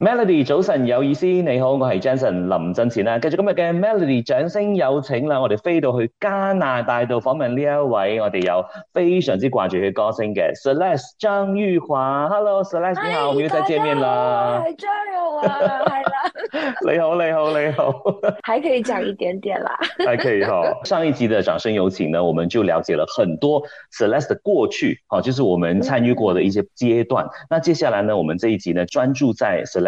Melody 早晨有意思，你好，我係 Johnson 林振前、啊。啦。繼續今日嘅 Melody 掌聲有請啦，我哋飛到去加拿大度訪問呢一位我哋有非常之掛住佢歌聲嘅 Celeste 張玉華。Hello Celeste，你好，哎、我又再見面啦。好啊、 你好，你好，你好，還可以講一點點啦， 還可以哈。上一集嘅掌聲有請呢，我們就了解了很多 Celeste 的過去，好，就是我們參與過的一些階段。嗯、那接下來呢，我們這一集呢，專注在 Celeste。